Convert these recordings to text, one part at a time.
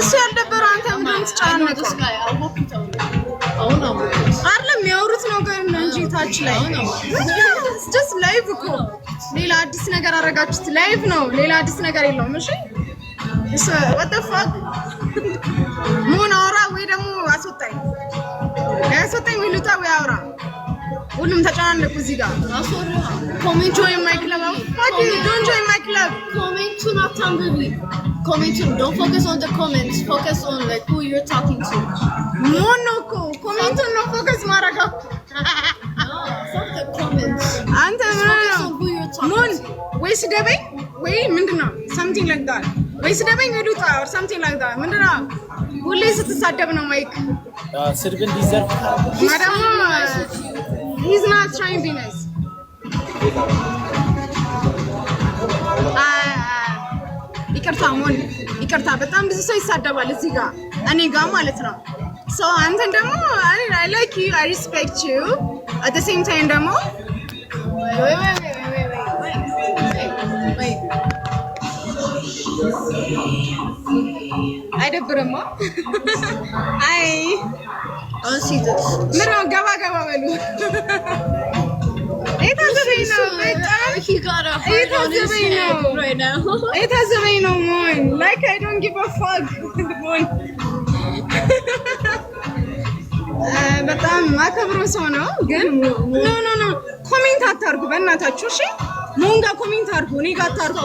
እሱ ያልነበረው አንተ ምንድን ትጫነቀው? Oh, አይደለም የሚያወሩት ነገር ነው እንጂ oh, ታች ላይ ጀስት oh, ላይቭ እኮ ሌላ አዲስ ነገር አደረጋችሁት። ላይቭ ነው፣ ሌላ አዲስ ነገር የለውም። እሺ ወጠፋ አውራ ወይ ደግሞ አስወጣኝ፣ አስወጣኝ ወይ ልውጣ ወይ አውራ Wouldn't touch on the Kuziga. Come and join my club. Fuck you, don't join my club. Coming to Natangugi. Coming to, don't focus on the comments, focus on like who you're talking to. Monaco. Coming to no focus Maraca. no, fuck the comments. And uh, focus on who you're talking Moon. to. Waste Debby? Wait, Mindana. Something like that. Waste Debby or something like that. Mindana. ሁሌ ስትሳደብ ነው ማይክ ስድብ እንዲዘርፍ ማዳማ He's not trying to be nice. Uh, ይቅርታ ሞን፣ ይቅርታ። በጣም ብዙ ሰው ይሳደባል እዚህ ጋ እኔ ጋር ማለት ነው። ሰው አንተን ደግሞ አይ ላይክ ዩ አይ ሪስፔክት ዩ አት ሴም ታይም ደግሞ አይደብርማ። አይ ምን ገባ ገባ በሉ። የታዘበኝ ነው ሞኝ ላይክ አይ ዶንት ጊቭ አ ፋክ ሞኝ በጣም አከብሮ ሰው ነው ግን ኖ ኖ ኖ በእናታችሁ እሺ። ሞን ኮሜንት አድርጉ፣ እኔ ጋር አታርጉ።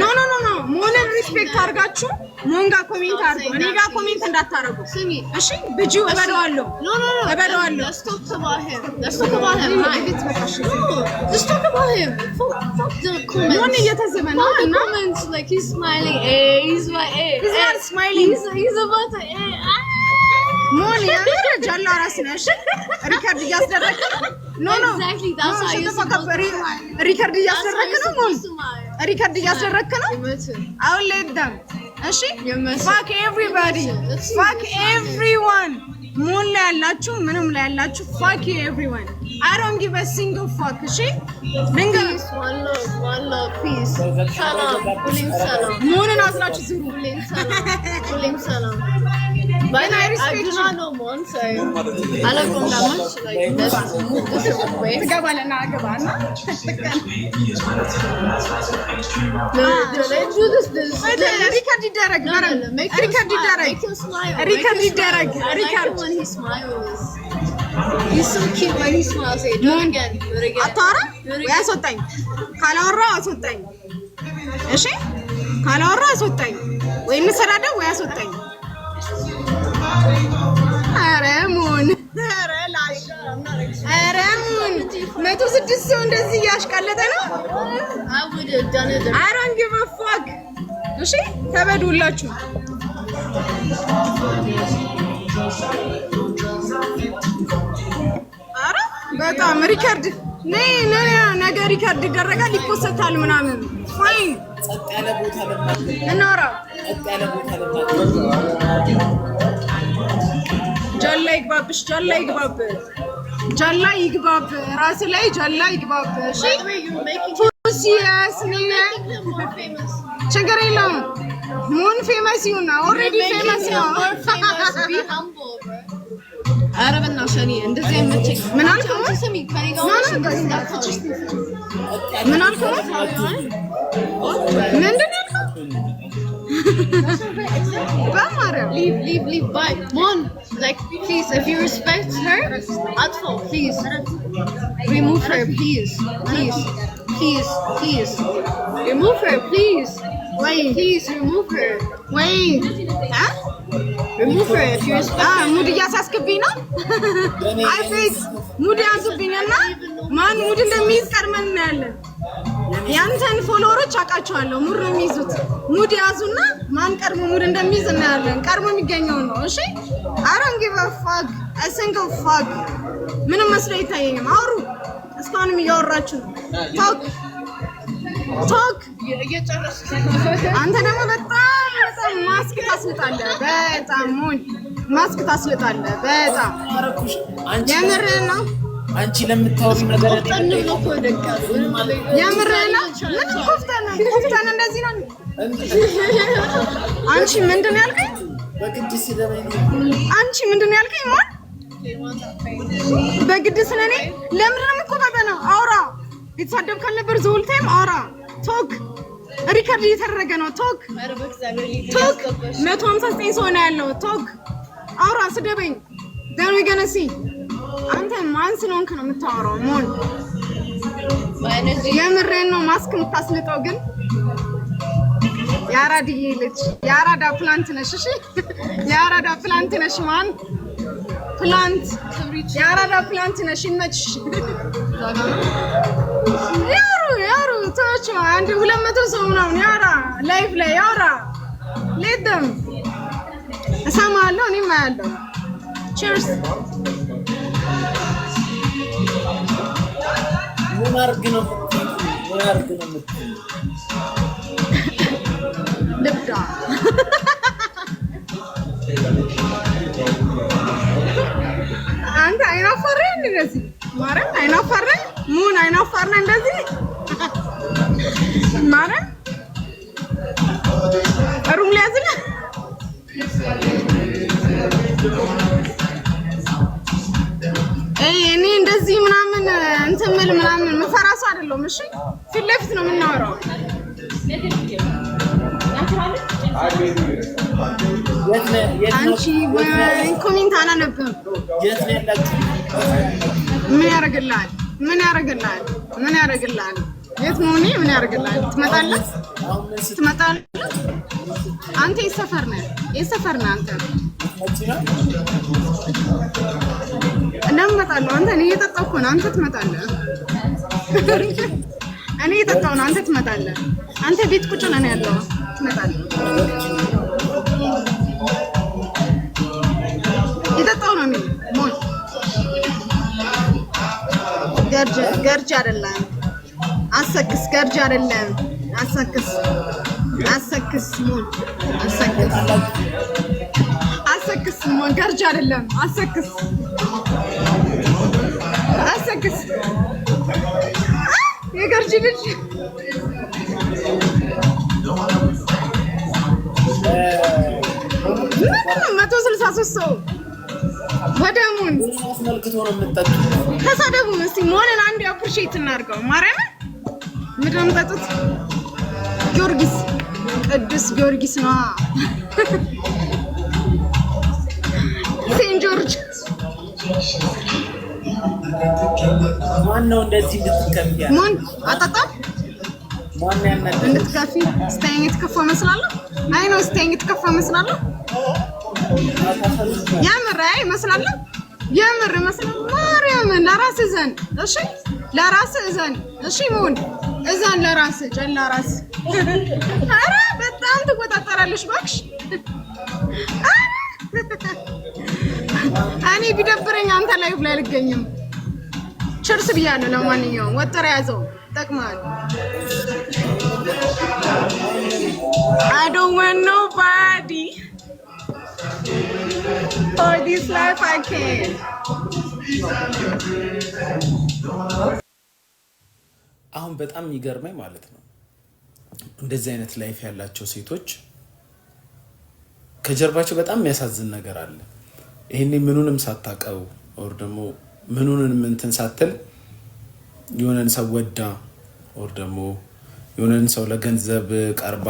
ኖ ኖ ኖ ኖ ሞንን ሪስፔክት አድርጋችሁ ሞን ጋር ኮሜንት አድርጉ፣ እኔ ጋር ኮሜንት እንዳታረጉ እሺ። ብጁ እበደዋለሁ፣ እበደዋለሁ። ሞን እየተዘመ ነው እና ሞን ሪከርድ እያስደረግን ሪከርድ እያስደረክ ነው። ሪከርድ እያስደረክ ነው። አሁን ሌት እሺ። ፋክ ኤቭሪባዲ ፋክ ኤቭሪዋን ሙን ላይ ያላችሁ ምንም ላይ ያላችሁ ፋክ ዩ ኤቭሪዋን አይ ዶንት ጊቭ አ ሲንግል ፋክ። እሺ ሙንን አዝናችሁ ዝሩ። አስወጣኝ ካላወራሁ አስወጣኝ። እሺ ካላወራሁ አስወጣኝ፣ ወይ እንሰዳደብ ወይ አስወጣኝ። ኧረ አሁን መቶ ስድስት ሰው እንደዚህ እያሽቃለጠ ነው። አሮን ግበፏግ እሺ፣ ተበዱላችሁ ኧረ በጣም ሪከርድ ነይ ነገ ሪከርድ ይደረጋል፣ ይኮሰታል ምናምን እናወራ ጃላ ይግባብሽ፣ ጃላ ይግባብ ጀላ ይግባብ ራስ ላይ ጀላ ይግባብ። እሺ ችግር የለውም። ሙን ፌመስ ይሁን ኦልሬዲ ፌመስ ነው። ኧረ በእናትሽ እንደዚህ አይመቸኝ። ምን አልከው? ምንድን ነው Bamar. leave, leave, leave. Bye. Mom, like, please, if you respect her, at all, please. Remove her, please. Please. Please. Please. Remove her, please. Wait. Please remove her. Wait. Huh? Remove her if you respect ah, her. Moody Yasas Kabina? I face Moody Yasas Kabina? ማን ሙድ እንደሚይዝ ቀድመን እናያለን። ያንተን ፎሎወሮች አውቃቸዋለሁ። ሙድ ነው የሚይዙት። ሙድ ያዙና ማን ቀድሞ ሙድ እንደሚይዝ እናያለን። ቀድሞ የሚገኘው ነው። እሺ ጊቭ በፋግ አሰንከ ፋግ ምንም መስሎ አይታየኝም። አውሩ። እስካሁንም እያወራችሁ ነው። ቶክ ቶክ። አንተ ደግሞ በጣም በጣም ማስክ ታስልጣለህ። በጣም ሙድ ማስክ ታስልጣለህ። በጣም የምር ነው አንቺ ለምታወሪ ነገር አንቺ ምንድን ያልከኝ? አንቺ ምንድን ያልከኝ? ማን በግድ ለምንድን ነው አውራ የተሳደብካል ነበር። ዘውልታይም አውራ ቶክ ሪከርድ እየተደረገ ነው። ቶክ ቶክ መቶ ሀምሳ ዘጠኝ ሰው ነው ያለው። ቶክ አውራ ስደበኝ አንተ ማን ስለሆንክ ነው የምታወራው? ሞን የምሬን ነው ማስክ የምታስልጠው ግን የአራድዬ ልጅ የአራዳ ፕላንት ነሽ። እሺ የአራዳ ፕላንት ነሽ። ማን ፕላንት የአራዳ ፕላንት ነሽ። ይመችሽ። ያሩ ያሩ ታች አንድ ሁለት መቶ ሰው ነው ያራ ላይፍ ላይ ያራ ሌደም እሰማለሁ እኔም አያለሁ ቺርስ ምን አድርግ ነው ምን አድርግ ነው የምትይው? ልብዳ አንተ አይናፋራ እንደዚህ ማርያም አይናፋራ ሙን አይናፋራ እንደዚህ እንደዚህ ምናምን እንትን ምል ምናምን መፈራ ሰው አይደለሁም። እሺ ፊት ለፊት ነው የምናወራው። አንቺ ኮሜንት አላነብም። ምን ያደርግልሃል? ምን ያደርግልሃል? ምን ያደርግልሃል? የት ምን ያደርግልሃል? ትመጣለህ፣ ትመጣለህ። አንተ የሰፈር ነህ፣ የሰፈር ነህ አንተ ለምን እመጣለሁ? አንተ እኔ እየጠጣሁ እኮ ነው። አንተ ትመጣለህ። እኔ እየጠጣሁ ነው። አንተ ትመጣለህ። አንተ ቤት ቁጭ ነን ያለው ትመጣለህ። እየጠጣሁ ነው የሚል ሞኝ ገርጅ አይደለም። አሰክስ ገርጅ አይደለም። አሰክስ አሰክስ ሞኝ አሰክስ አሰክስ ገርጅ አይደለም፣ አሰክስ አሰክስ የገርጅ ልጅ መቶ ስልሳ ሶስት ሰው ወደሙን ተሳደቡን። እስኪ መሆንን አንዱ አፕሪሼት እናድርገው። ማርያምን ምንድን ነው ጊዮርጊስ ቅዱስ ጊዮርጊስ ነዋ። ዋናው እንደዚህ እንድትከፊ ምን አጣጣም ዋና ያናደ እንድትከፊ ስታይን የተከፋ መስላለሁ። አይ ነው ስታይን የተከፋ መስላለሁ። የምር አይ መስላለሁ። የምር መስላለሁ። ማርያምን ለራስህ እዘን እሺ፣ ለራስህ እዘን እሺ፣ ሙን እዘን ለራስህ ጨላ ራስህ። ኧረ በጣም ትቆጣጠራለሽ እባክሽ። እኔ ቢደብረኝ አንተ ላይ ብላ አልገኝም። ችርስ ነው ለማንኛውም ወጠር ያዘው ይጠቅማል። አይ ዶንት ላይፍ አሁን በጣም የሚገርመኝ ማለት ነው እንደዚህ አይነት ላይፍ ያላቸው ሴቶች ከጀርባቸው በጣም የሚያሳዝን ነገር አለ። ይሄኔ ምኑንም ሳታቀው። ኦር ደግሞ ምኑንን ምንትን ሳትል የሆነን ሰው ወዳ ወር ደግሞ የሆነን ሰው ለገንዘብ ቀርባ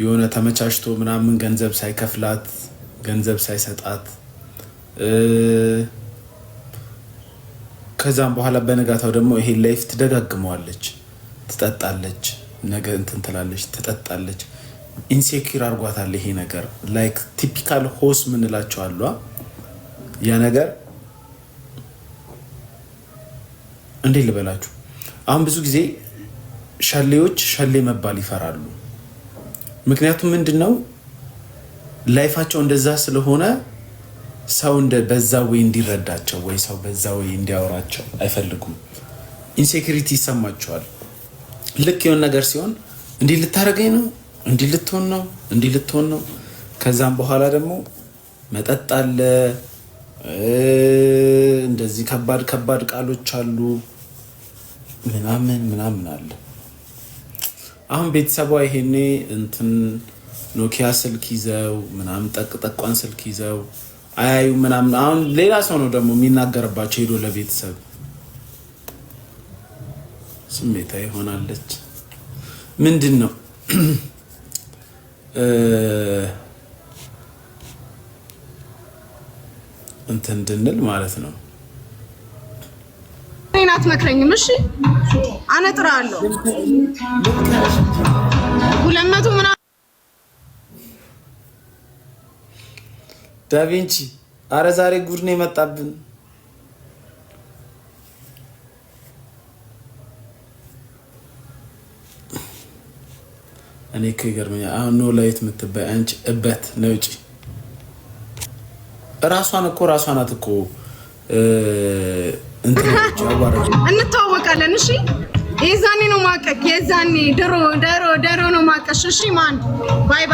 የሆነ ተመቻችቶ ምናምን ገንዘብ ሳይከፍላት ገንዘብ ሳይሰጣት ከዛም በኋላ በነጋታው ደግሞ ይሄ ላይፍ ትደጋግመዋለች። ትጠጣለች፣ ነገ እንትን ትላለች፣ ትጠጣለች። ኢንሴኪር አርጓታል ይሄ ነገር። ላይክ ቲፒካል ሆስ ምንላቸው አሏ ያ ነገር እንዴት ልበላችሁ፣ አሁን ብዙ ጊዜ ሸሌዎች ሸሌ መባል ይፈራሉ። ምክንያቱም ምንድን ነው ላይፋቸው እንደዛ ስለሆነ ሰው በዛ ወይ እንዲረዳቸው ወይ ሰው በዛ ወይ እንዲያወራቸው አይፈልጉም። ኢንሴኪሪቲ ይሰማቸዋል። ልክ የሆነ ነገር ሲሆን እንዲህ ልታደርገኝ ነው፣ እንዲህ ልትሆን ነው፣ እንዲህ ልትሆን ነው። ከዛም በኋላ ደግሞ መጠጥ አለ፣ እንደዚህ ከባድ ከባድ ቃሎች አሉ። ምናምን ምናምን አለ። አሁን ቤተሰቧ ይሄኔ እንትን ኖኪያ ስልክ ይዘው ምናምን ጠቅጠቋን ስልክ ይዘው አያዩ ምናምን። አሁን ሌላ ሰው ነው ደግሞ የሚናገርባቸው ሄዶ ለቤተሰብ ስሜታ ይሆናለች። ምንድን ነው እንትን እንድንል ማለት ነው አትመክረኝም። እሺ አነጥራለሁ። ሁለት መቶ ምናምን ዳቪንቺ። አረ ዛሬ ጉድ ነው የመጣብን። እኔ እኮ ይገርመኛል። አሁን ኖ ላይት የምትባይ አንቺ እበት ነውጪ እራሷን እኮ እራሷ ናት እኮ እንተዋወቃለን። እሺ የዛኔ ነው ማቀቅ የዛኔ ድሮ ድሮ ድሮ ነው ማቀሽ። እሺ ማን ባይ